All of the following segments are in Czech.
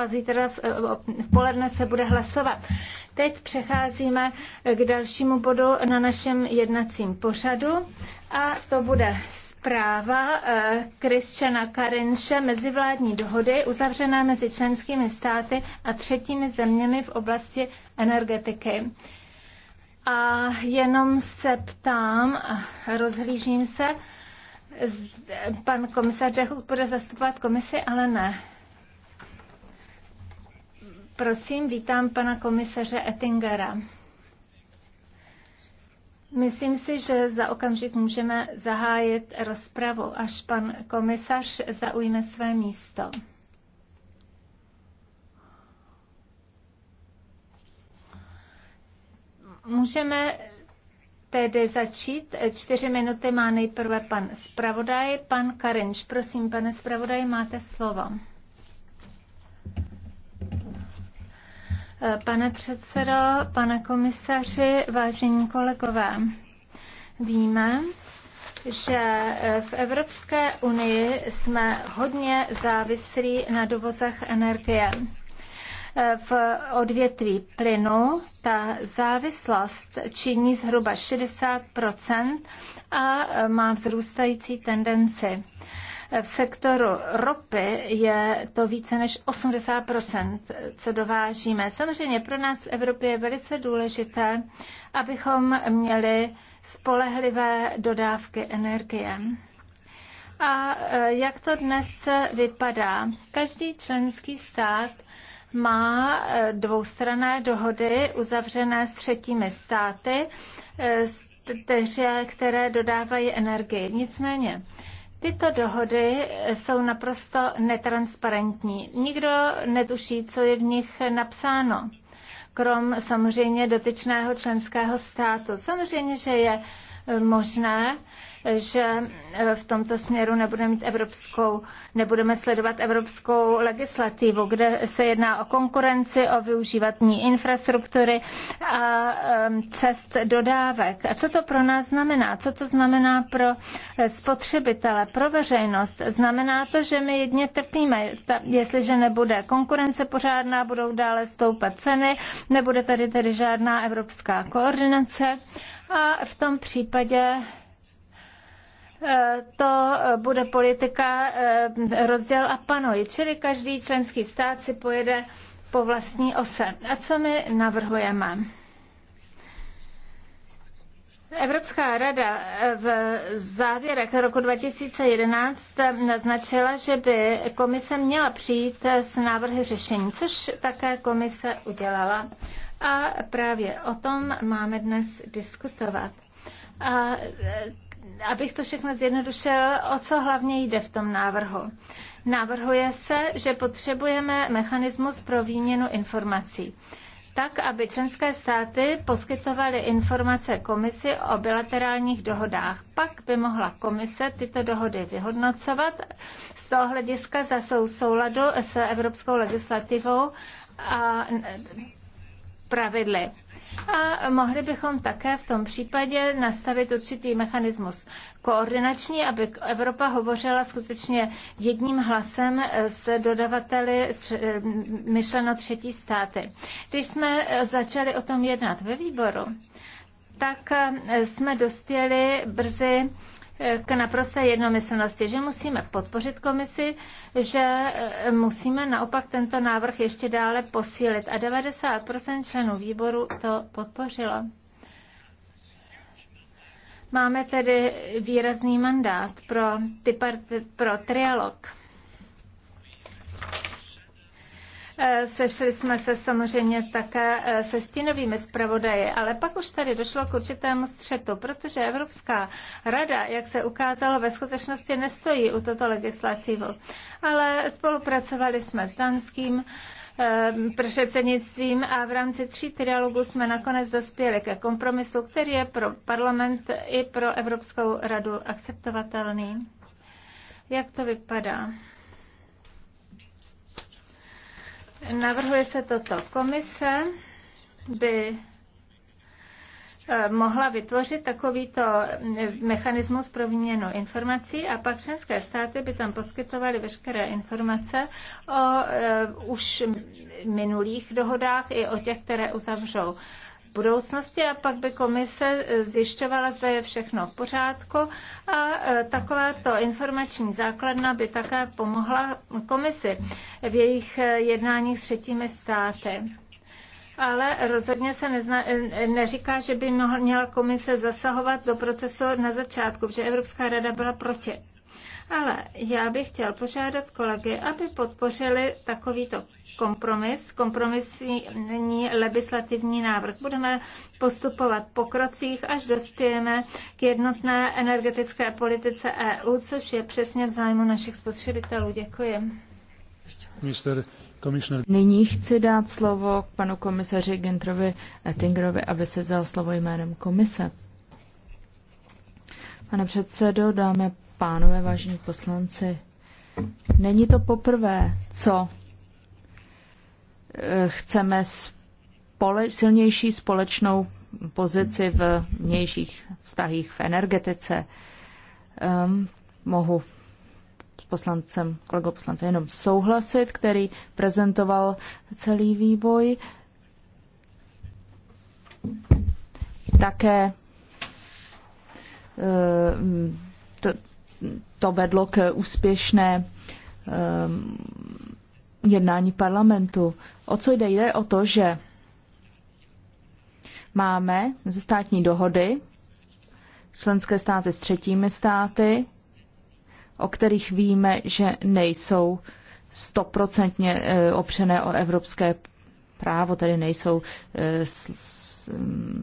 a zítra v, eh, v poledne se bude hlasovat. Teď přecházíme eh, k dalšímu bodu na našem jednacím pořadu a to bude zpráva Kriščana eh, Karinše mezivládní dohody uzavřená mezi členskými státy a třetími zeměmi v oblasti energetiky. A jenom se ptám, rozhlížím se, pan komisař Dechuk bude zastupovat komisi, ale ne. Prosím, vítám pana komisaře Ettingera. Myslím si, že za okamžik můžeme zahájit rozpravu, až pan komisař zaujme své místo. Můžeme tedy začít. Čtyři minuty má nejprve pan zpravodaj, pan Karinč. Prosím, pane zpravodaj, máte slovo. Pane předsedo, pane komisaři, vážení kolegové, víme, že v Evropské unii jsme hodně závislí na dovozech energie. V odvětví plynu ta závislost činí zhruba 60 a má vzrůstající tendenci. V sektoru ropy je to více než 80 co dovážíme. Samozřejmě pro nás v Evropě je velice důležité, abychom měli spolehlivé dodávky energie. A e, jak to dnes vypadá? Každý členský stát má e, dvoustranné dohody uzavřené s třetími státy, e, které dodávají energii. Nicméně Tyto dohody jsou naprosto netransparentní. Nikdo netuší, co je v nich napsáno, krom samozřejmě dotyčného členského státu. Samozřejmě, že je možné že eh, v tomto směru nebudeme mít evropskou, nebudeme sledovat evropskou legislativu, kde se jedná o konkurenci, o využívání infrastruktury a cest dodávek. A co to pro nás znamená? Co to znamená pro eh, spotřebitele, pro veřejnost? Znamená to, že my jedně trpíme. jestliže nebude konkurence pořádná, budou dále stoupat ceny, nebude tady tedy žádná evropská koordinace a v tom případě Eh, to eh, bude politika eh, rozděl a panuj, čili každý členský stát si pojede po vlastní ose. A co my navrhujeme? Evropská rada v závěrech roku 2011 naznačila, že by komise měla přijít s návrhy řešení, což také komise udělala. A právě o tom máme dnes diskutovat. A abych to všechno zjednodušil, o co hlavně jde v tom návrhu. Návrhuje se, že potřebujeme mechanismus pro výměnu informací tak, aby členské státy poskytovaly informace komisi o bilaterálních dohodách. Pak by mohla komise tyto dohody vyhodnocovat z toho hlediska, za jsou souladu s evropskou legislativou a pravidly a mohli bychom také v tom případě nastavit určitý mechanismus koordinační, aby Evropa hovořila skutečně jedním hlasem s dodavateli eh, myšleno třetí státy. Když jsme začali o tom jednat ve výboru, tak eh, jsme dospěli brzy k naprosté jednomyslnosti, že musíme podpořit komisi, že eh, musíme naopak tento návrh ještě dále posílit. A 90% členů výboru to podpořilo. Máme tedy výrazný mandát pro, ty part, pro trialog. Eh, sešli jsme se samozřejmě také eh, se stínovými zpravodaji, ale pak už tady došlo k určitému střetu, protože Evropská rada, jak se ukázalo, ve skutečnosti nestojí u toto legislativu. Ale spolupracovali jsme s Danským eh, předsednictvím a v rámci tří trialogů jsme nakonec dospěli ke kompromisu, který je pro parlament i pro Evropskou radu akceptovatelný. Jak to vypadá? Navrhuje se toto. Komise by eh, mohla vytvořit takovýto eh, mechanismus pro výměnu informací a pak členské státy by tam poskytovaly veškeré informace o eh, už minulých dohodách i o těch, které uzavřou budoucnosti a pak by komise eh, zjišťovala, zda je všechno v pořádku a eh, takováto informační základna by také pomohla komisi v jejich eh, jednáních s třetími státy ale rozhodně se nezna, neříká, že by měla komise zasahovat do procesu na začátku, protože Evropská rada byla proti. Ale já bych chtěl požádat kolegy, aby podpořili takovýto kompromis, kompromisní legislativní návrh. Budeme postupovat po krocích, až dospějeme k jednotné energetické politice EU, což je přesně v zájmu našich spotřebitelů. Děkuji. Mister. Nyní chci dát slovo k panu komisaři Gentrovi Ettingerovi, aby se vzal slovo jménem komise. Pane předsedo, dámy a pánové, vážení poslanci, není to poprvé, co chceme spole- silnější společnou pozici v vnějších vztahích v energetice. Um, mohu s poslancem, kolegou poslance jenom souhlasit, který prezentoval celý vývoj. Také ehm, to, to vedlo k úspěšné ehm, jednání parlamentu. O co jde? Jde o to, že máme ze státní dohody členské státy s třetími státy, o kterých víme, že nejsou stoprocentně eh, opřené o evropské právo, tedy nejsou eh,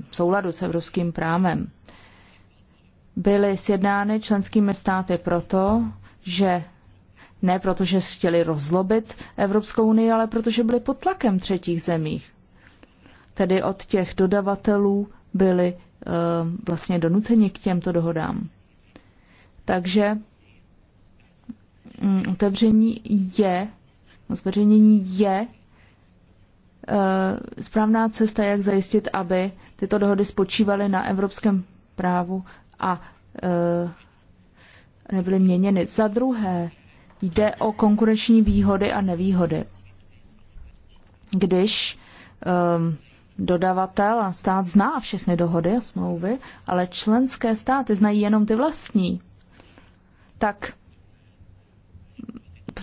v souladu s evropským právem. Byly sjednány členskými státy proto, že ne proto, že chtěli rozlobit Evropskou unii, ale protože byli pod tlakem třetích zemích. Tedy od těch dodavatelů byli eh, vlastně donuceni k těmto dohodám. Takže um, otevření je, no, zveřejnění je eh, správná cesta, jak zajistit, aby tyto dohody spočívaly na evropském právu a eh, nebyly měněny. Za druhé, jde o konkurenční výhody a nevýhody. Když um, dodavatel a stát zná všechny dohody a smlouvy, ale členské státy znají jenom ty vlastní, tak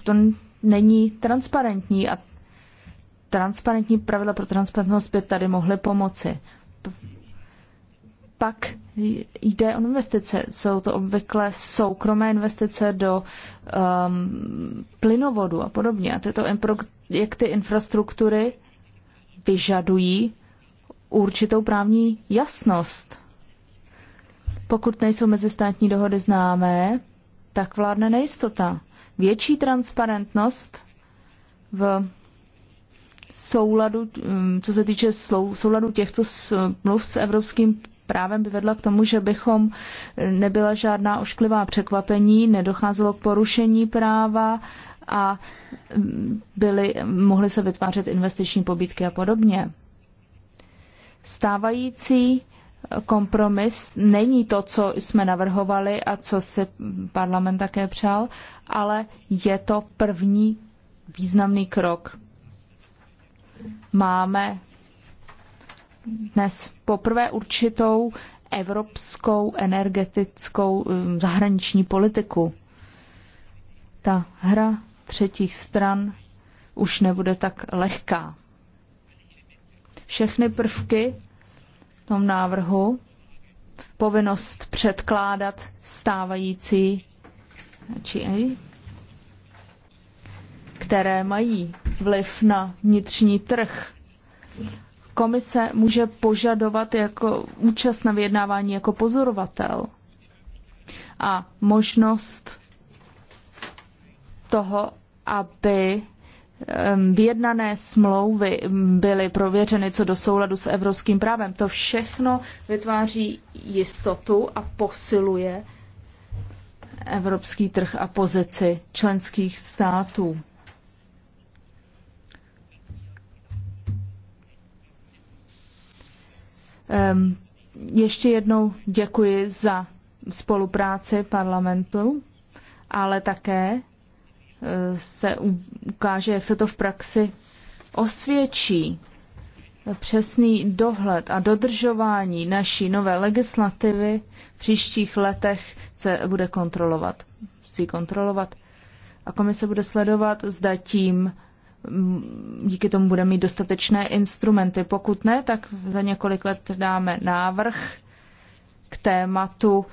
to není transparentní a transparentní pravidla pro transparentnost by tady mohly pomoci pak jde o investice. Jsou to obvykle soukromé investice do um, plynovodu a podobně. A tyto projekty infrastruktury vyžadují určitou právní jasnost. Pokud nejsou mezistátní dohody známé, tak vládne nejistota. Větší transparentnost v souladu, um, co se týče souladu těchto smluv s evropským právem by vedla k tomu, že bychom eh, nebyla žádná ošklivá překvapení, nedocházelo k porušení práva a mm, byly, mohly se vytvářet investiční pobídky a podobně. Stávající eh, kompromis není to, co jsme navrhovali a co si parlament také přál, ale je to první významný krok. Máme dnes poprvé určitou evropskou energetickou um, zahraniční politiku. Ta hra třetích stran už nebude tak lehká. Všechny prvky v tom návrhu, povinnost předkládat stávající či které mají vliv na vnitřní trh komise může požadovat jako účast na vyjednávání jako pozorovatel a možnost toho, aby vyjednané smlouvy byly prověřeny co do souladu s evropským právem. To všechno vytváří jistotu a posiluje evropský trh a pozici členských států. Ještě jednou děkuji za spolupráci parlamentu, ale také eh, se ukáže, jak se to v praxi osvědčí. Přesný dohled a dodržování naší nové legislativy v příštích letech se bude kontrolovat. Musí kontrolovat. A komise bude sledovat, zda tím díky tomu bude mít dostatečné instrumenty. Pokud ne, tak za několik let dáme návrh k tématu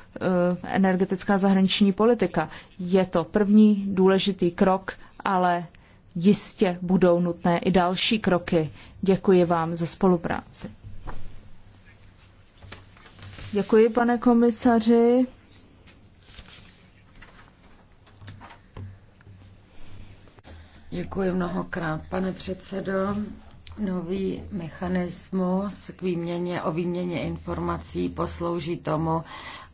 e, energetická zahraniční politika. Je to první důležitý krok, ale jistě budou nutné i další kroky. Děkuji vám za spolupráci. Děkuji, pane komisaři. Děkuji mnohokrát, pane předsedo. Nový mechanismus k výměně, o výměně informací poslouží tomu,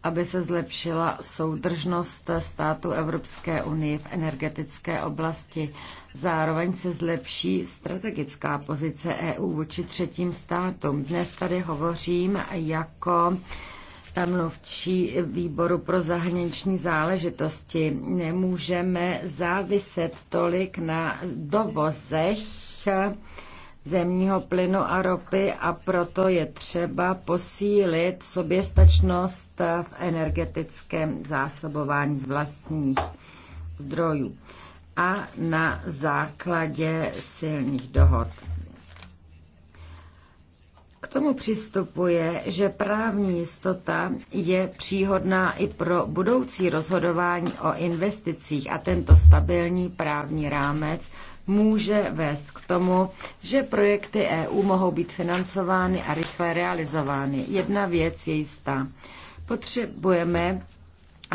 aby se zlepšila soudržnost států Evropské unie v energetické oblasti. Zároveň se zlepší strategická pozice EU vůči třetím státům. Dnes tady hovořím jako mluvčí výboru pro zahraniční záležitosti. Nemůžeme záviset tolik na dovozech zemního plynu a ropy a proto je třeba posílit soběstačnost v energetickém zásobování z vlastních zdrojů a na základě silných dohod. K tomu přistupuje, že právní jistota je příhodná i pro budoucí rozhodování o investicích a tento stabilní právní rámec může vést k tomu, že projekty EU mohou být financovány a rychle realizovány. Jedna věc je jistá. Potřebujeme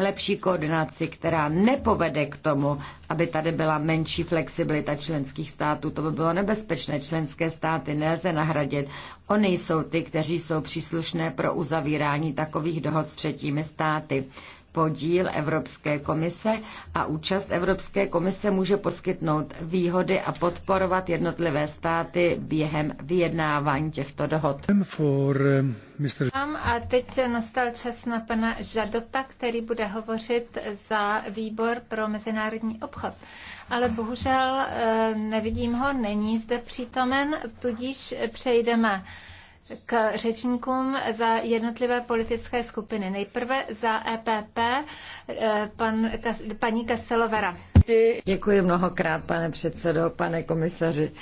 lepší koordinaci, která nepovede k tomu, aby tady byla menší flexibilita členských států. To by bylo nebezpečné. Členské státy nelze nahradit. Oni jsou ty, kteří jsou příslušné pro uzavírání takových dohod s třetími státy podíl Evropské komise a účast Evropské komise může poskytnout výhody a podporovat jednotlivé státy během vyjednávání těchto dohod. Eh, a teď se nastal čas na pana Žadota, který bude hovořit za výbor pro mezinárodní obchod ale bohužel eh, nevidím ho, není zde přítomen, tudíž přejdeme k řečníkům za jednotlivé politické skupiny. Nejprve za EPP eh, pan, paní Kastelovera. Děkuji mnohokrát, pane předsedo, pane komisaři.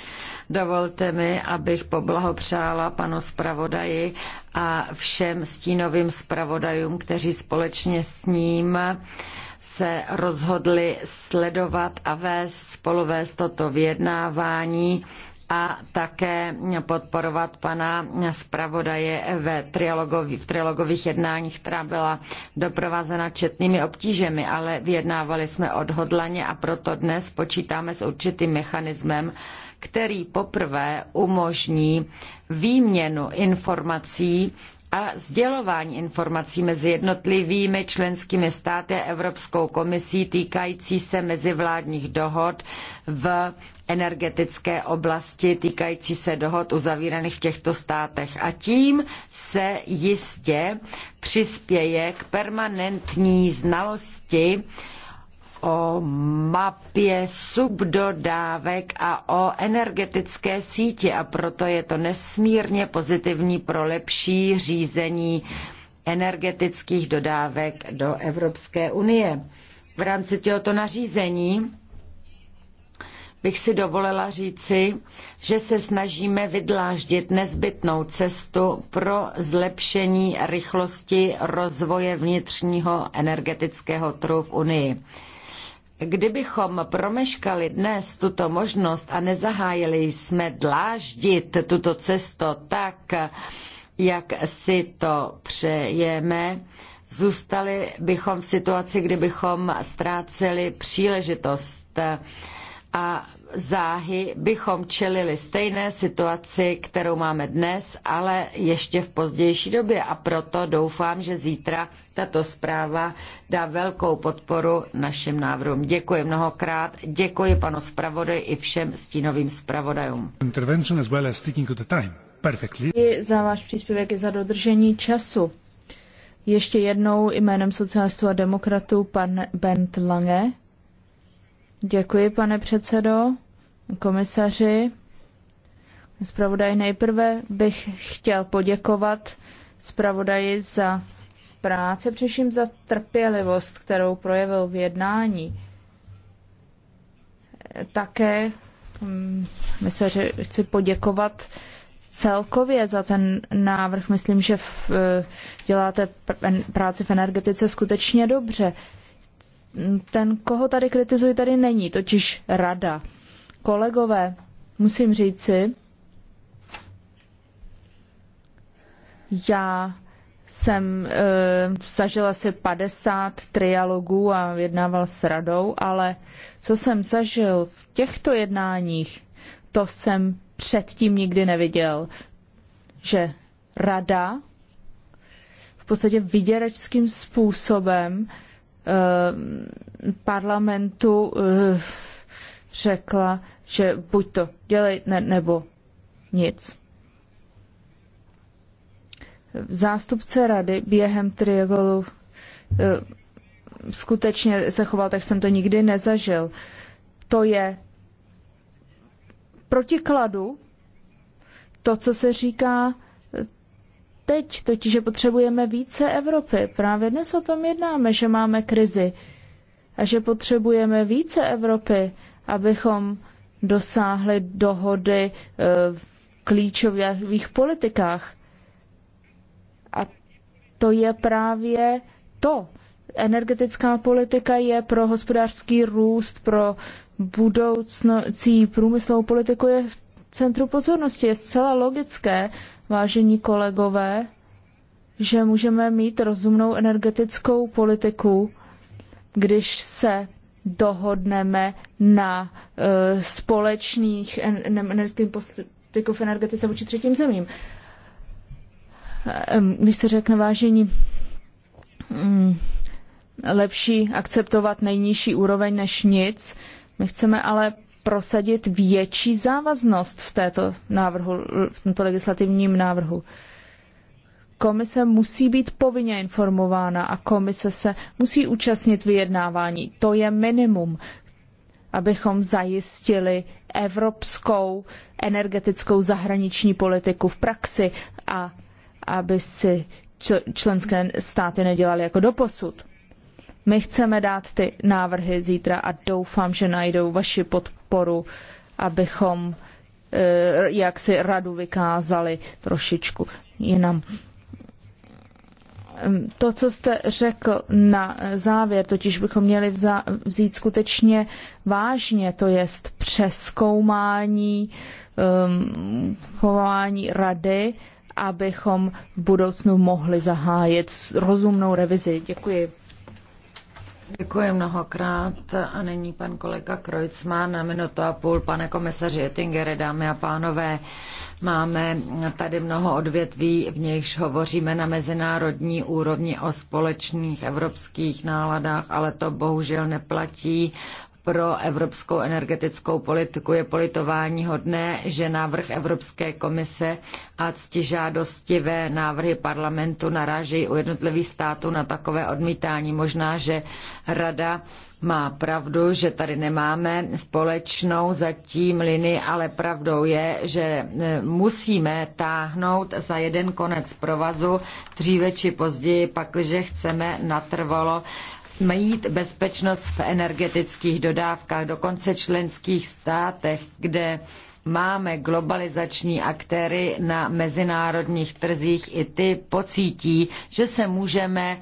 Dovolte mi, abych poblahopřála panu zpravodaji a všem stínovým zpravodajům, kteří společně s ním se rozhodli sledovat a vést, spoluvést toto vyjednávání a také podporovat pana zpravodaje ve v trialogových jednáních, která byla doprovázena četnými obtížemi, ale vyjednávali jsme odhodlaně a proto dnes počítáme s určitým mechanismem, který poprvé umožní výměnu informací a sdělování informací mezi jednotlivými členskými státy a Evropskou komisí týkající se mezivládních dohod v energetické oblasti týkající se dohod uzavíraných v těchto státech. A tím se jistě přispěje k permanentní znalosti o mapě subdodávek a o energetické síti a proto je to nesmírně pozitivní pro lepší řízení energetických dodávek do Evropské unie. V rámci tohoto nařízení bych si dovolila říci, že se snažíme vydláždit nezbytnou cestu pro zlepšení rychlosti rozvoje vnitřního energetického trhu v Unii. Kdybychom promeškali dnes tuto možnost a nezahájili jsme dláždit tuto cestu tak, jak si to přejeme, zůstali bychom v situaci, kdybychom ztráceli příležitost a záhy bychom čelili stejné situaci, kterou máme dnes, ale ještě v pozdější době. A proto doufám, že zítra tato zpráva dá velkou podporu našim návrhům. Děkuji mnohokrát, děkuji panu zpravodaji i všem stínovým zpravodajům. Děkuji za váš příspěvek i za dodržení času. Ještě jednou jménem socialistů a demokratů pan Bent Lange. Děkuji, pane předsedo, komisaři. Zpravodaj, nejprve bych chtěl poděkovat zpravodaji za práci, především za trpělivost, kterou projevil v jednání. Také hm, myslím, že chci poděkovat celkově za ten návrh. Myslím, že eh, děláte práci v energetice skutečně dobře ten, koho tady kritizuji, tady není, totiž rada. Kolegové, musím říci, já jsem e, zažila asi 50 trialogů a jednával s radou, ale co jsem zažil v těchto jednáních, to jsem předtím nikdy neviděl, že rada v podstatě vyděračským způsobem e, Eh, parlamentu eh, řekla, že buď to dělej, ne, nebo nic. Zástupce rady během triagolu eh, skutečně se choval, tak jsem to nikdy nezažil. To je protikladu to, co se říká teď, totiž že potřebujeme více Evropy. Právě dnes o tom jednáme, že máme krizi a že potřebujeme více Evropy, abychom dosáhli dohody eh, v klíčových politikách. A to je právě to. Energetická politika je pro hospodářský růst, pro budoucí průmyslovou politiku je v centru pozornosti. Je zcela logické, vážení kolegové, že můžeme mít rozumnou energetickou politiku, když se dohodneme na uh, společných energetických politiků v energetice vůči třetím zemím. E, e, když se řekne vážení, mm, lepší akceptovat nejnižší úroveň než nic, my chceme ale prosadit větší závaznost v, této návrhu, v tomto legislativním návrhu. Komise musí být povinně informována a komise se musí účastnit vyjednávání. To je minimum, abychom zajistili evropskou energetickou zahraniční politiku v praxi a aby si členské státy nedělaly jako doposud. My chceme dát ty návrhy zítra a doufám, že najdou vaši podporu, abychom eh, jak si radu vykázali trošičku jinam. Ehm, to, co jste řekl na závěr, totiž bychom měli vzít skutečně vážně, to jest přeskoumání um, chování rady, abychom v budoucnu mohli zahájit rozumnou revizi. Děkuji. Děkuji mnohokrát a nyní pan kolega Krojcman na minutu a půl. Pane komisaři Ettingere, dámy a pánové, máme tady mnoho odvětví, v nichž hovoříme na mezinárodní úrovni o společných evropských náladách, ale to bohužel neplatí pro evropskou energetickou politiku je politování hodné, že návrh Evropské komise a ctižádostivé návrhy parlamentu narážejí u jednotlivých států na takové odmítání. Možná, že rada má pravdu, že tady nemáme společnou zatím linii, ale pravdou je, že e, musíme táhnout za jeden konec provazu dříve či později, pakliže chceme natrvalo mít bezpečnost v energetických dodávkách, dokonce členských státech, kde máme globalizační aktéry na mezinárodních trzích, i ty pocítí, že se můžeme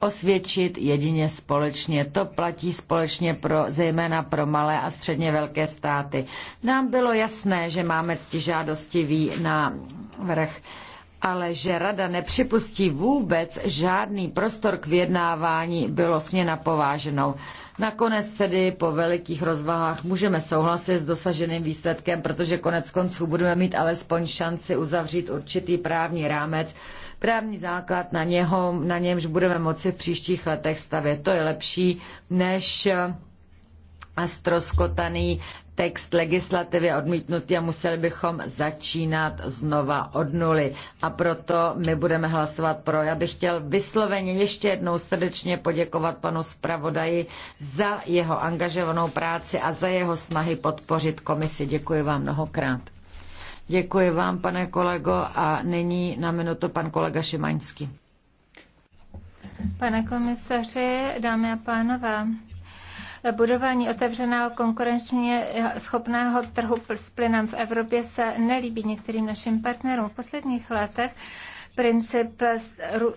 osvědčit jedině společně. To platí společně pro, zejména pro malé a středně velké státy. Nám bylo jasné, že máme ctižádostivý Na vrch ale že rada nepřipustí vůbec žádný prostor k vyjednávání, bylo sně pováženou. Nakonec tedy po velikých rozvahách můžeme souhlasit s dosaženým výsledkem, protože konec konců budeme mít alespoň šanci uzavřít určitý právní rámec, právní základ na, něho, na němž budeme moci v příštích letech stavět. To je lepší než a eh, stroskotaný text legislativy odmítnutý a museli bychom začínat znova od nuly. A proto my budeme hlasovat pro. Já bych chtěl vysloveně ještě jednou srdečně poděkovat panu zpravodaji za jeho angažovanou práci a za jeho snahy podpořit komisi. Děkuji vám mnohokrát. Děkuji vám, pane kolego, a nyní na minutu pan kolega Šimaňský. Pane komisaři, dámy a pánové, budování otevřeného konkurenčně schopného trhu s plynem v Evropě se nelíbí některým našim partnerům. V posledních letech princip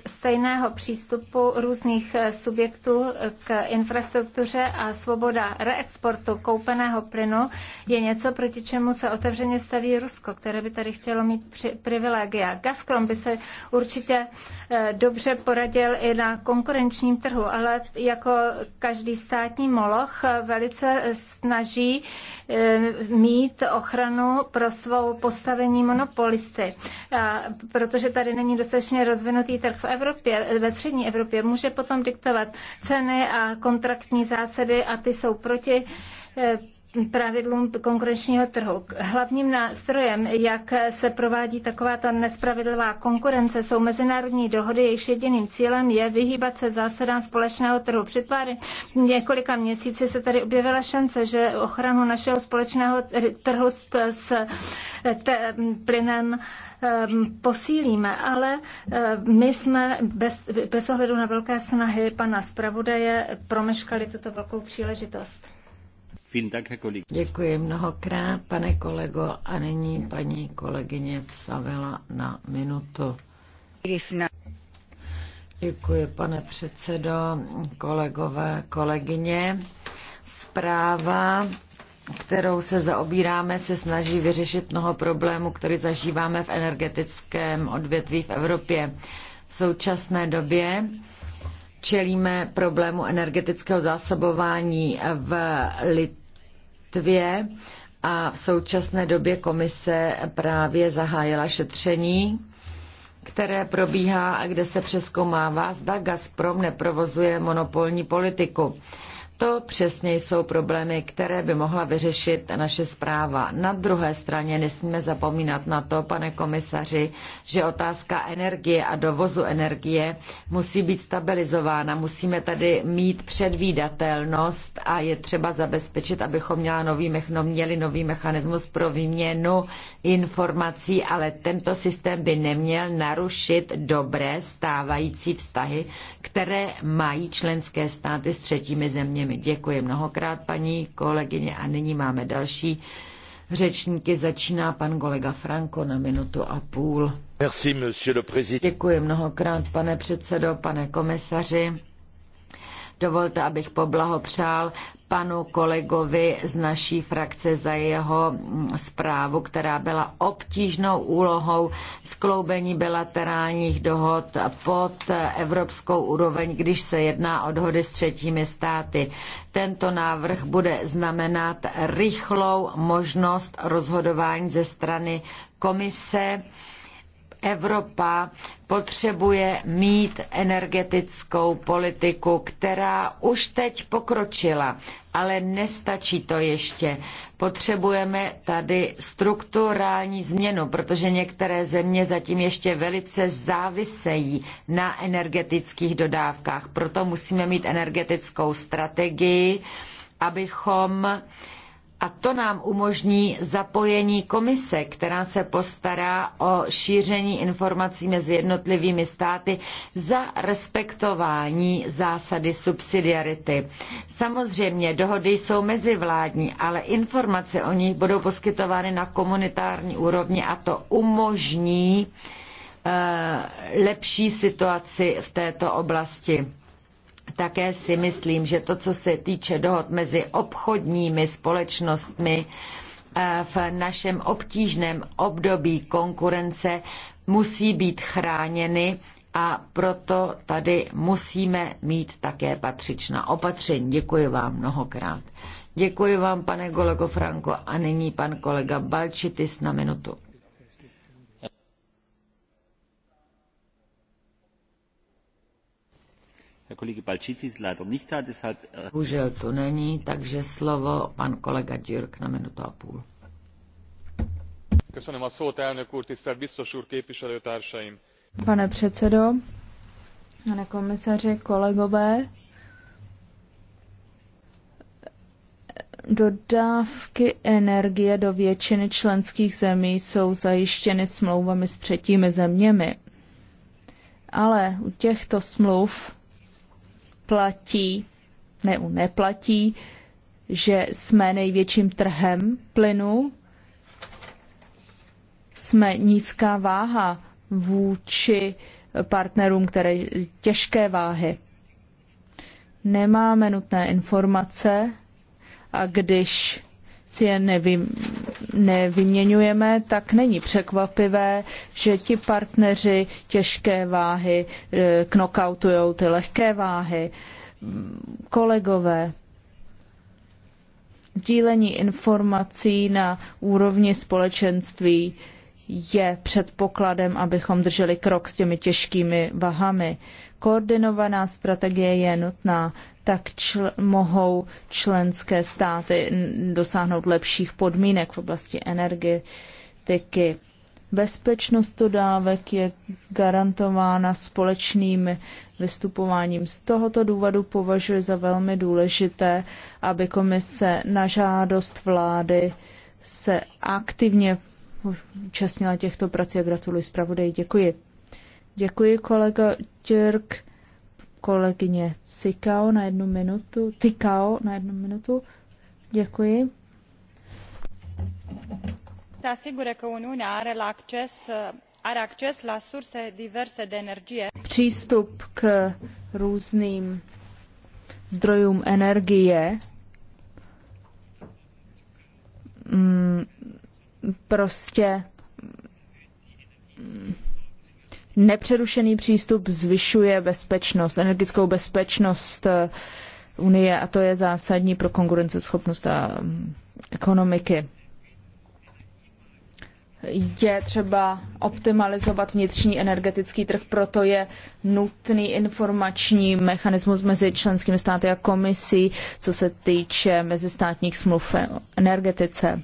stejného přístupu různých eh, subjektů k infrastruktuře a svoboda reexportu koupeného plynu je něco, proti čemu se otevřeně staví Rusko, které by tady chtělo mít při- privilegia. Gazprom by se určitě eh, dobře poradil i na konkurenčním trhu, ale jako každý státní moloch eh, velice snaží mít ochranu pro svou postavení monopolisty, protože tady není není dostatečně rozvinutý trh v Evropě, ve střední Evropě, může potom diktovat ceny a kontraktní zásady a ty jsou proti eh, pravidlům konkurenčního trhu. Hlavním nástrojem, jak se provádí taková ta nespravedlivá konkurence, jsou mezinárodní dohody, jejichž jediným cílem je vyhýbat se zásadám společného trhu. Před pár několika měsíci se tady objevila šance, že ochranu našeho společného trhu s, s te, plynem Ehm, posílíme, ale ehm, my jsme bez, bez ohledu na velké snahy pana zpravodaje promeškali tuto velkou příležitost. Děkuji mnohokrát, pane kolego. A nyní paní kolegyně Savela na minutu. Děkuji, pane předsedo, kolegové, kolegyně. Zpráva kterou se zaobíráme, se snaží vyřešit mnoho problémů, které zažíváme v energetickém odvětví v Evropě. V současné době čelíme problému energetického zásobování v Litvě a v současné době komise právě zahájila šetření, které probíhá a kde se přeskoumává, zda Gazprom neprovozuje monopolní politiku. To přesně jsou problémy, které by mohla vyřešit naše zpráva. Na druhé straně nesmíme zapomínat na to, pane komisaři, že otázka energie a dovozu energie musí být stabilizována. Musíme tady mít předvídatelnost a je třeba zabezpečit, abychom měla nový, no, měli nový mechanismus pro výměnu informací, ale tento systém by neměl narušit dobré stávající vztahy, které mají členské státy s třetími zeměmi nimi. Děkuji mnohokrát, paní kolegyně. A nyní máme další řečníky. Začíná pan kolega Franko na minutu a půl. Merci, Děkuji mnohokrát, pane předsedo, pane komisaři. Dovolte, abych poblahopřál panu kolegovi z naší frakce za jeho mm, zprávu, která byla obtížnou úlohou skloubení bilaterálních dohod pod evropskou úroveň, když se jedná o dohody s třetími státy. Tento návrh bude znamenat rychlou možnost rozhodování ze strany komise Evropa potřebuje mít energetickou politiku, která už teď pokročila, ale nestačí to ještě. Potřebujeme tady strukturální změnu, protože některé země zatím ještě velice závisejí na energetických dodávkách. Proto musíme mít energetickou strategii, abychom a to nám umožní zapojení komise, která se postará o šíření informací mezi jednotlivými státy za respektování zásady subsidiarity. Samozřejmě dohody jsou mezivládní, ale informace o nich budou poskytovány na komunitární úrovni a to umožní eh, lepší situaci v této oblasti. Také si myslím, že to, co se týče dohod mezi obchodními společnostmi eh, v našem obtížném období konkurence, musí být chráněny a proto tady musíme mít také patřičná opatření. Děkuji vám mnohokrát. Děkuji vám, pane kolego Franko, a nyní pan kolega Balčitis na minutu. Äh, Bohužel tu není, takže slovo pan kolega Györk na minutu a půl. Pane předsedo, pane komisaři, kolegové, Dodávky energie do většiny členských zemí jsou zajištěny smlouvami s třetími zeměmi. Ale u těchto smluv platí, ne, neplatí, že jsme největším trhem plynu, jsme nízká váha vůči partnerům, které těžké váhy. Nemáme nutné informace a když akcie nevy, nevyměňujeme, tak není překvapivé, že ti partneři těžké váhy e, knokautují ty lehké váhy. Kolegové, sdílení informací na úrovni společenství je předpokladem, abychom drželi krok s těmi těžkými vahami. Koordinovaná strategie je nutná, tak čl- mohou členské státy dosáhnout lepších podmínek v oblasti energetiky. Bezpečnost dodávek je garantována společným vystupováním. Z tohoto důvodu považuji za velmi důležité, aby komise na žádost vlády se aktivně účastnila těchto prací a gratuluji zpravodaji. Děkuji. Děkuji kolega Čirk, kolegyně Cikao na jednu minutu, Tikao na jednu minutu. Děkuji. Te asigure că Uniunea are la acces are acces la surse diverse de energie. Přístup k různým zdrojům energie mm, prostě nepřerušený přístup zvyšuje bezpečnost, energetickou bezpečnost eh, Unie a to je zásadní pro konkurenceschopnost a mm, ekonomiky. Je třeba optimalizovat vnitřní energetický trh, proto je nutný informační mechanismus mezi členskými státy a komisí, co se týče mezistátních smluv energetice.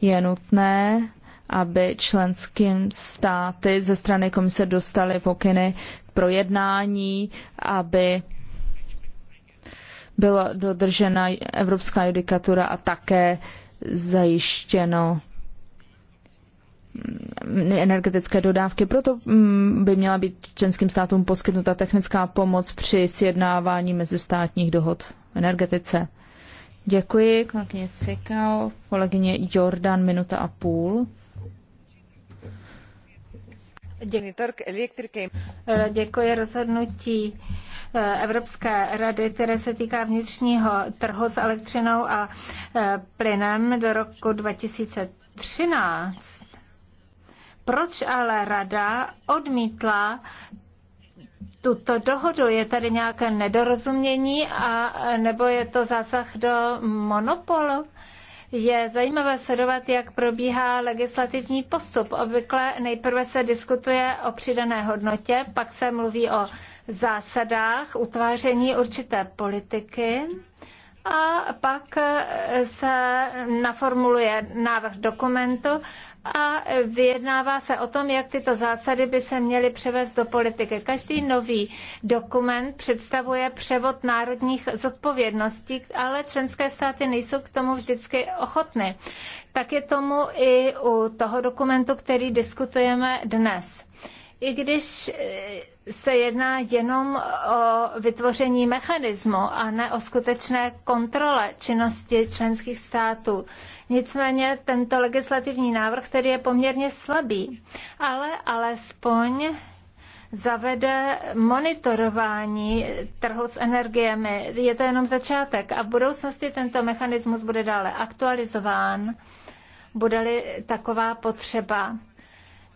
Je nutné, aby členským státy ze strany komise dostaly pokyny k projednání, aby byla dodržena evropská judikatura a také zajištěno mm, energetické dodávky. Proto mm, by měla být členským státům poskytnuta technická pomoc při sjednávání mezistátních dohod v energetice. Děkuji, kolegyně Cikao, kolegyně Jordan, minuta a půl. Děkuji rozhodnutí eh, Evropské rady, které se týká vnitřního trhu s elektřinou a eh, plynem do roku 2013. Proč ale rada odmítla tuto dohodu? Je tady nějaké nedorozumění a nebo je to zásah do monopolu? Je zajímavé sledovat, jak probíhá legislativní postup. Obvykle nejprve se diskutuje o přidané hodnotě, pak se mluví o zásadách utváření určité politiky a pak se naformuluje návrh dokumentu a vyjednává se o tom, jak tyto zásady by se měly převést do politiky. Každý nový dokument představuje převod národních zodpovědností, ale členské státy nejsou k tomu vždycky ochotny. Tak je tomu i u toho dokumentu, který diskutujeme dnes. I když se jedná jenom o vytvoření mechanismu a ne o skutečné kontrole činnosti členských států. Nicméně tento legislativní návrh, který je poměrně slabý, ale alespoň zavede monitorování trhu s energiemi. Je to jenom začátek a v budoucnosti tento mechanismus bude dále aktualizován, bude-li taková potřeba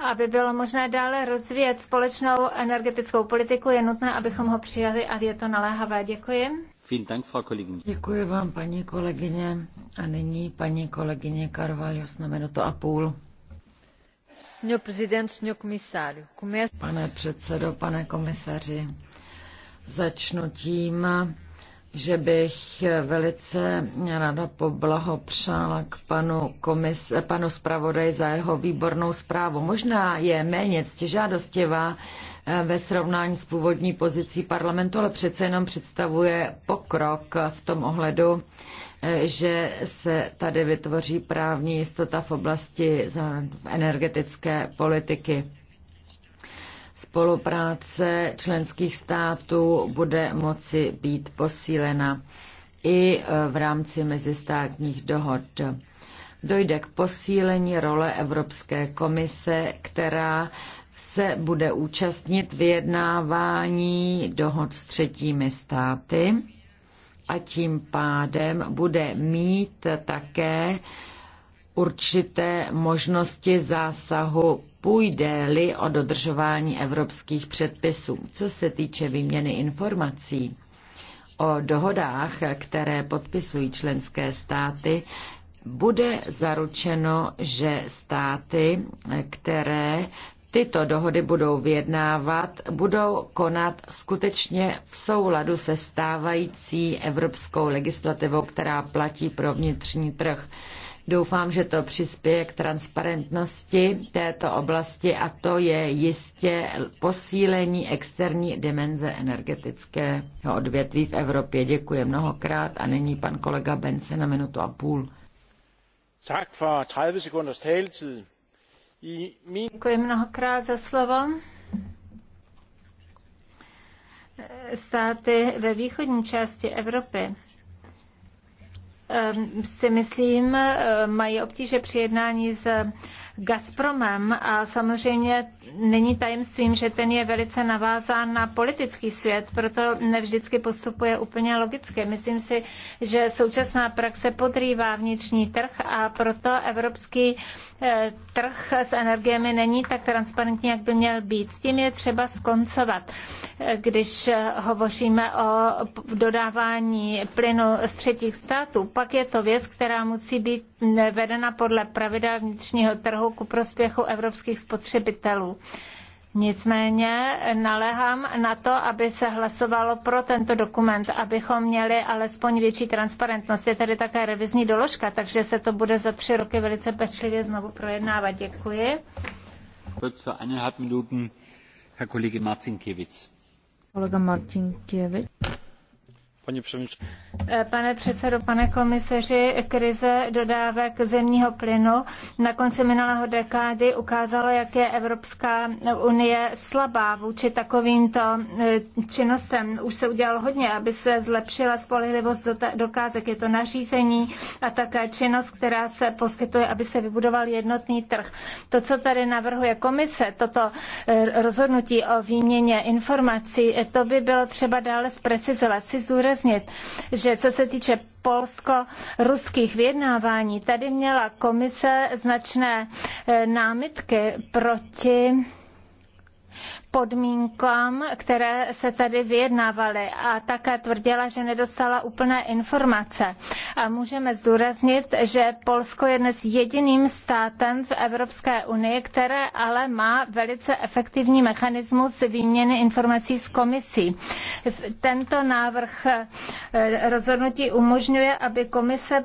aby bylo možné dále rozvíjet společnou energetickou politiku, je nutné, abychom ho přijali a je to naléhavé. Děkuji. Děkuji vám, paní kolegyně. A nyní paní kolegyně Carvalho na minutu a půl. Pane předsedo, pane komisaři, začnu tím, že bych velice ráda poblahopřála k panu, komis, panu zpravodaj za jeho výbornou zprávu. Možná je méně ctižádostivá eh, ve srovnání s původní pozicí parlamentu, ale přece jenom představuje pokrok v tom ohledu, eh, že se tady vytvoří právní jistota v oblasti energetické politiky. Spolupráce členských států bude moci být posílena i e, v rámci mezistátních dohod. Dojde k posílení role Evropské komise, která se bude účastnit vyjednávání dohod s třetími státy a tím pádem bude mít také určité možnosti zásahu půjde-li o dodržování evropských předpisů. Co se týče výměny informací o dohodách, které podpisují členské státy, bude zaručeno, že státy, které tyto dohody budou vyjednávat, budou konat skutečně v souladu se stávající evropskou legislativou, která platí pro vnitřní trh. Doufám, že to přispěje k transparentnosti této oblasti a to je jistě posílení externí dimenze energetického odvětví v Evropě. Děkuji mnohokrát a nyní pan kolega Bence na minutu a půl. 30 Děkuji mnohokrát za slovo. Státy ve východní části Evropy Ehm, si myslím, ehm, mají obtíže při jednání s Gazpromem a samozřejmě není tajemstvím, že ten je velice navázán na politický svět, proto nevždycky postupuje úplně logicky. Myslím si, že současná praxe podrývá vnitřní trh a proto evropský eh, trh s energiemi není tak transparentní, jak by měl být. S tím je třeba skoncovat, eh, když hovoříme o dodávání plynu z třetích států. Pak je to věc, která musí být vedena podle pravidel vnitřního trhu ku prospěchu evropských spotřebitelů. Nicméně naléhám na to, aby se hlasovalo pro tento dokument, abychom měli alespoň větší transparentnost. Je tady také revizní doložka, takže se to bude za tři roky velice pečlivě znovu projednávat. Děkuji. Kolega Martin Kiewicz. Eh, pane předsedo, pane komisaři, krize dodávek zemního plynu na konci minulého dekády ukázalo, jak je Evropská unie slabá vůči takovýmto eh, činnostem. Už se udělalo hodně, aby se zlepšila spolehlivost dokázek. Je to nařízení a také činnost, která se poskytuje, aby se vybudoval jednotný trh. To, co tady navrhuje komise, toto eh, rozhodnutí o výměně informací, to by bylo třeba dále zprecizovat. Si zúre zdůraznit, že co se týče polsko-ruských vyjednávání, tady měla komise značné eh, námitky proti podmínkám, které se tady vyjednávaly a také tvrdila, že nedostala úplné informace. A můžeme zdůraznit, že Polsko je dnes jediným státem v Evropské unii, které ale má velice efektivní mechanismus výměny informací s komisí. Tento návrh eh, rozhodnutí umožňuje, aby komise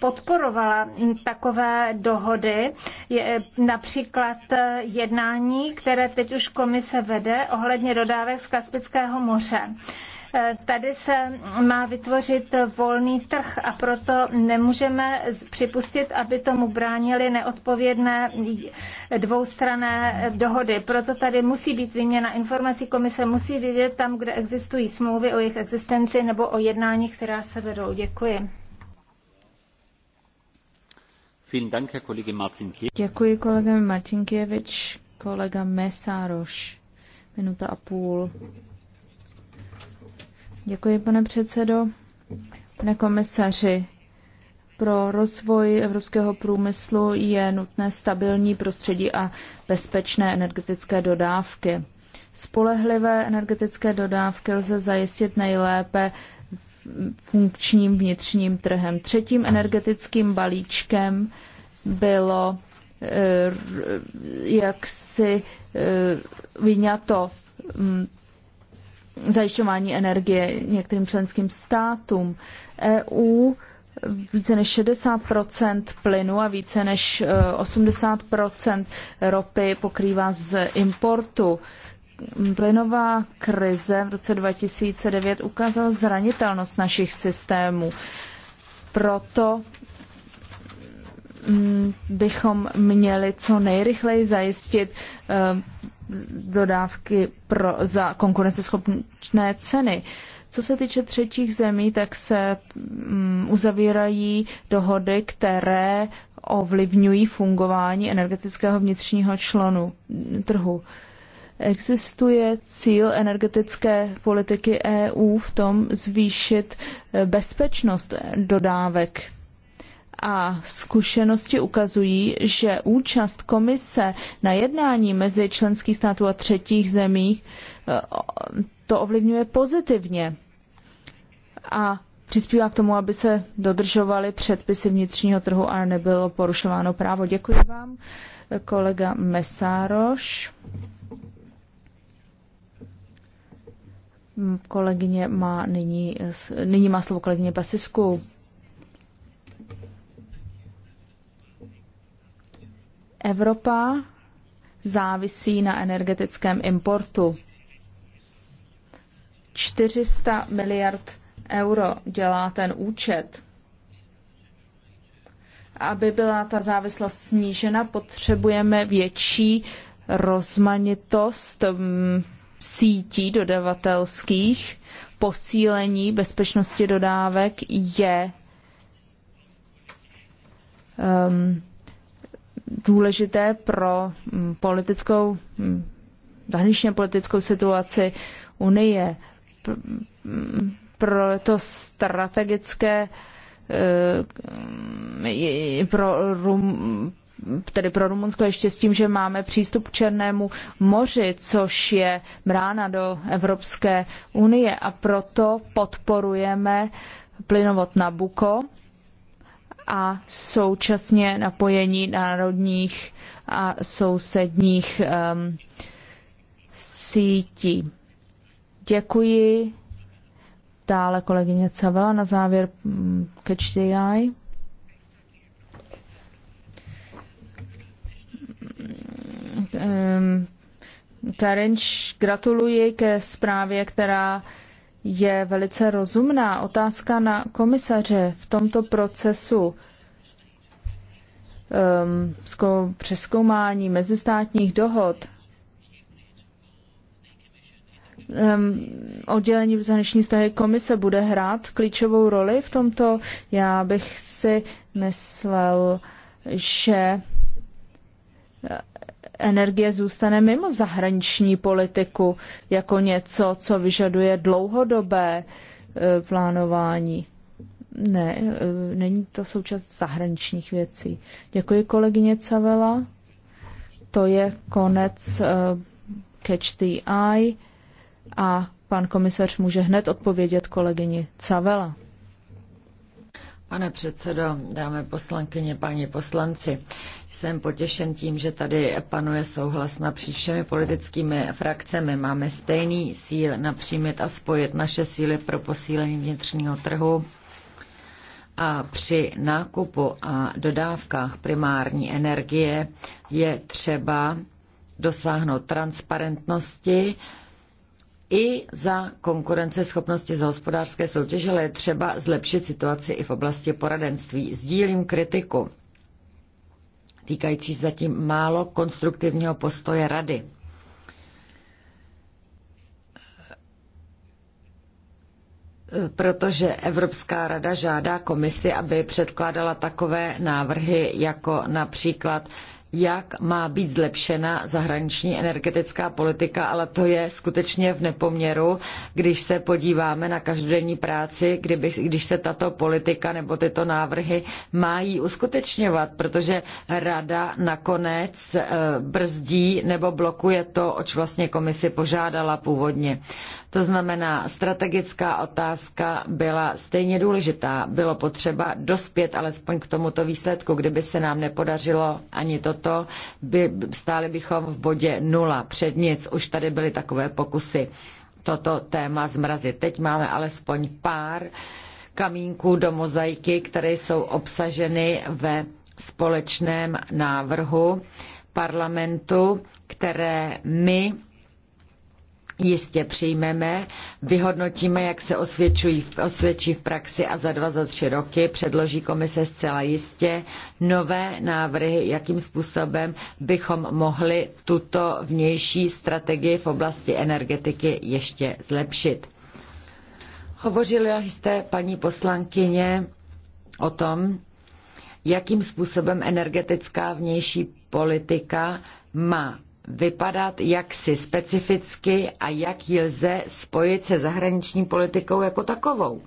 podporovala takové dohody, je eh, například eh, jednání, které teď už komise vede ohledně dodávek z Kaspického moře. Eh, tady se má vytvořit volný trh a proto nemůžeme připustit, aby tomu bránili neodpovědné dvoustrané dohody. Proto tady musí být výměna informací. Komise musí vědět tam, kde existují smlouvy o jejich existenci nebo o jednání, která se vedou. Děkuji. Děkuji kolegovi Martinkěvič, kolega Mesároš. Minuta a půl. Děkuji, pane předsedo. Pane komisaři, pro rozvoj evropského průmyslu je nutné stabilní prostředí a bezpečné energetické dodávky. Spolehlivé energetické dodávky lze zajistit nejlépe funkčním vnitřním trhem. Třetím energetickým balíčkem bylo eh, jaksi eh, vyňato hm, zajišťování energie některým členským státům. EU více než 60 plynu a více než 80 eh, ropy pokrývá z importu plynová krize v roce 2009 ukázala zranitelnost našich systémů. Proto mm, bychom měli co nejrychleji zajistit eh, dodávky pro, za konkurenceschopné ceny. Co se týče třetích zemí, tak se mm, uzavírají dohody, které ovlivňují fungování energetického vnitřního členu trhu. Existuje cíl energetické politiky EU v tom zvýšit eh, bezpečnost dodávek a zkušenosti ukazují, že účast komise na jednání mezi členských států a třetích zemí eh, to ovlivňuje pozitivně a přispívá k tomu, aby se dodržovaly předpisy vnitřního trhu a nebylo porušováno právo. Děkuji vám, kolega Mesároš. Mm, kolegyně má nyní, nyní má slovo kolegyně Basisku. Evropa závisí na energetickém importu. 400 miliard euro dělá ten účet. Aby byla ta závislost snížena, potřebujeme větší rozmanitost mm, sítí dodavatelských, posílení bezpečnosti dodávek je um, důležité pro mm, politickou, mm, zahraničně politickou situaci Unie. Mm, pro to strategické eh, pro, rum, tedy pro Rumunsko ještě s tím, že máme přístup k Černému moři, což je brána do Evropské unie a proto podporujeme plynovod Nabuko a současně napojení národních a sousedních um, sítí. Děkuji. Dále kolegyně Cavela na závěr ke mm, HDI. Ehm, Karenč, gratuluji ke zprávě, která je velice rozumná. Otázka na komisaře v tomto procesu um, přeskoumání mezistátních dohod um, oddělení v zahraniční vztahy komise bude hrát klíčovou roli v tomto. Já bych si myslel, že energie zůstane mimo zahraniční politiku jako něco, co vyžaduje dlouhodobé e, plánování. Ne, e, není to součást zahraničních věcí. Děkuji kolegyně Cavela. To je konec e, Catch the Eye a pan komisař může hned odpovědět kolegyni Cavela. Pane předsedo, dámy poslankyně, páni poslanci, jsem potěšen tím, že tady panuje souhlas napříč všemi politickými frakcemi. Máme stejný síl napřímit a spojit naše síly pro posílení vnitřního trhu a při nákupu a dodávkách primární energie je třeba dosáhnout transparentnosti, i za konkurenceschopnosti za hospodářské soutěže, ale je třeba zlepšit situaci i v oblasti poradenství. Sdílím kritiku týkající se zatím málo konstruktivního postoje rady. protože Evropská rada žádá komisi, aby předkládala takové návrhy, jako například jak má být zlepšena zahraniční energetická politika, ale to je skutečně v nepoměru, když se podíváme na každodenní práci, kdyby, když se tato politika nebo tyto návrhy mají uskutečňovat, protože rada nakonec eh, brzdí nebo blokuje to, oč vlastně komisi požádala původně. To znamená, strategická otázka byla stejně důležitá. Bylo potřeba dospět alespoň k tomuto výsledku. Kdyby se nám nepodařilo ani toto, by, stáli bychom v bodě nula před nic. Už tady byly takové pokusy toto téma zmrazit. Teď máme alespoň pár kamínků do mozaiky, které jsou obsaženy ve společném návrhu parlamentu, které my jistě přijmeme, vyhodnotíme, jak se osvědčují, osvědčí v praxi a za dva, za tři roky předloží komise zcela jistě nové návrhy, jakým způsobem bychom mohli tuto vnější strategii v oblasti energetiky ještě zlepšit. Hovořila jste, paní poslankyně, o tom, jakým způsobem energetická vnější politika má vypadat jaksi specificky a jak ji lze spojit se zahraniční politikou jako takovou.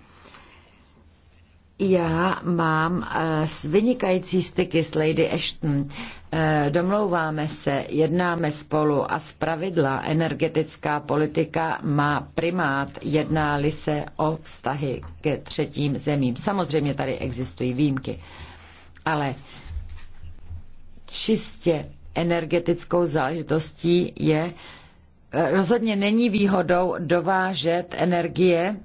Já mám eh, vynikající styky s Lady Ashton. Eh, domlouváme se, jednáme spolu a z pravidla energetická politika má primát, jedná-li se o vztahy ke třetím zemím. Samozřejmě tady existují výjimky, ale čistě energetickou záležitostí je, rozhodně není výhodou dovážet energie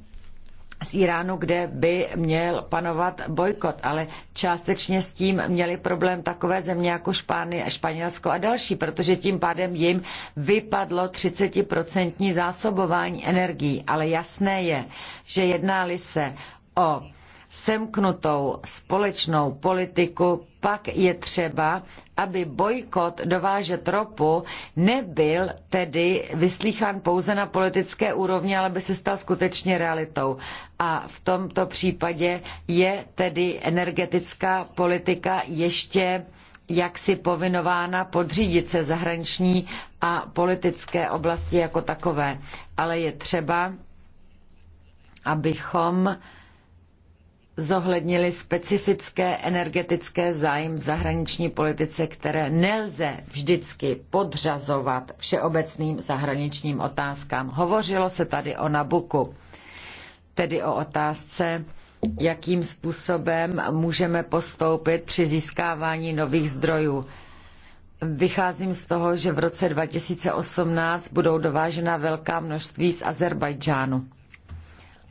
z Iránu, kde by měl panovat bojkot, ale částečně s tím měli problém takové země jako Špány, Španělsko a další, protože tím pádem jim vypadlo 30% zásobování energií. Ale jasné je, že jednáli se o semknutou společnou politiku pak je třeba, aby bojkot dovážet ropu nebyl tedy vyslýchán pouze na politické úrovni, ale by se stal skutečně realitou. A v tomto případě je tedy energetická politika ještě jaksi povinována podřídit se zahraniční a politické oblasti jako takové. Ale je třeba, abychom zohlednili specifické energetické zájem v zahraniční politice, které nelze vždycky podřazovat všeobecným zahraničním otázkám. Hovořilo se tady o Nabuku, tedy o otázce, jakým způsobem můžeme postoupit při získávání nových zdrojů. Vycházím z toho, že v roce 2018 budou dovážena velká množství z Azerbajdžánu.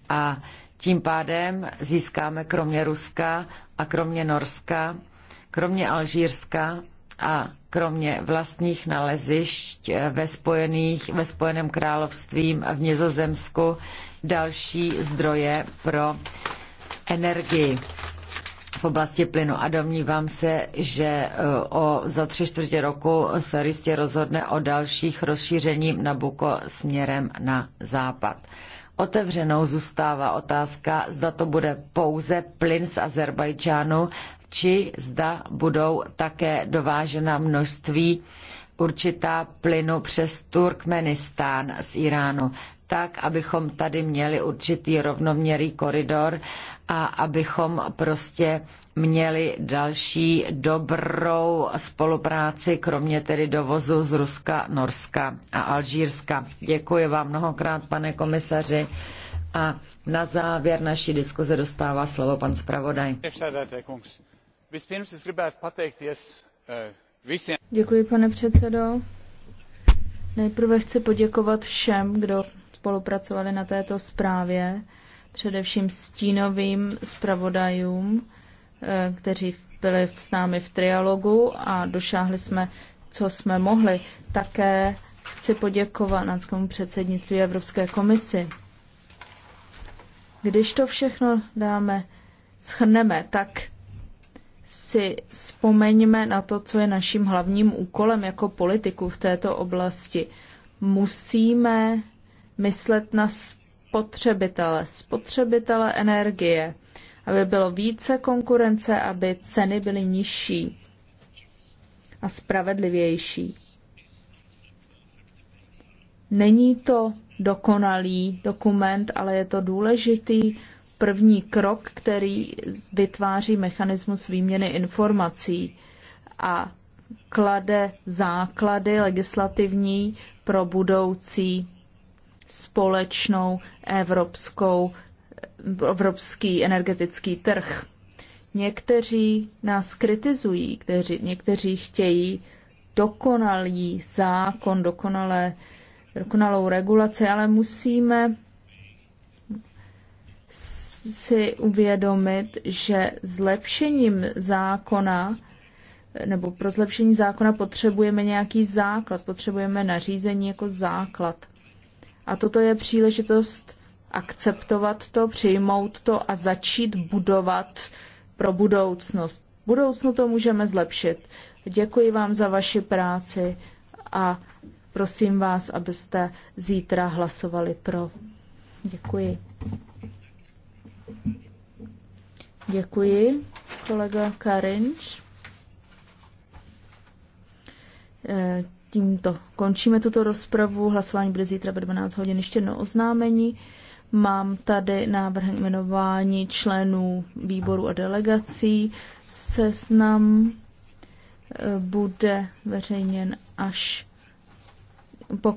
A tím pádem získáme kromě Ruska a kromě Norska, kromě Alžírska a kromě vlastních nalezišť ve, spojených, ve Spojeném království a v Nizozemsku další zdroje pro energii v oblasti plynu a domnívám se, že eh, o, za tři čtvrtě roku se jistě rozhodne o dalších rozšíření Nabuko směrem na západ. Otevřenou zůstává otázka, zda to bude pouze plyn z Azerbajdžánu, či zda budou také dovážena množství určitá plynu přes Turkmenistán z Iránu tak, abychom tady měli určitý rovnoměrý koridor a abychom prostě měli další dobrou spolupráci, kromě tedy dovozu z Ruska, Norska a Alžírska. Děkuji vám mnohokrát, pane komisaři. A na závěr naší diskuze dostává slovo pan zpravodaj. Děkuji, pane předsedo. Nejprve chci poděkovat všem, kdo spolupracovali na této zprávě, především stínovým zpravodajům, eh, kteří byli s námi v trialogu a došáhli jsme, co jsme mohli. Také chci poděkovat náckému předsednictví Evropské komisi. Když to všechno dáme, schrneme, tak si vzpomeňme na to, co je naším hlavním úkolem jako politiků v této oblasti. Musíme myslet na spotřebitele, spotřebitele energie, aby bylo více konkurence, aby ceny byly nižší a spravedlivější. Není to dokonalý dokument, ale je to důležitý první krok, který vytváří mechanismus výměny informací a klade základy legislativní pro budoucí společnou evropskou, evropský energetický trh. Někteří nás kritizují, kteří, někteří chtějí dokonalý zákon, dokonalé, dokonalou regulaci, ale musíme si uvědomit, že zlepšením zákona nebo pro zlepšení zákona potřebujeme nějaký základ, potřebujeme nařízení jako základ. A toto je příležitost akceptovat to, přijmout to a začít budovat pro budoucnost. V budoucnu to můžeme zlepšit. Děkuji vám za vaši práci a prosím vás, abyste zítra hlasovali pro. Děkuji. Děkuji, kolega Karinč. Eh, tímto končíme tuto rozpravu. Hlasování bude zítra ve 12 hodin. Ještě jedno oznámení. Mám tady návrh jmenování členů výboru a delegací. Seznam eh, bude veřejněn až po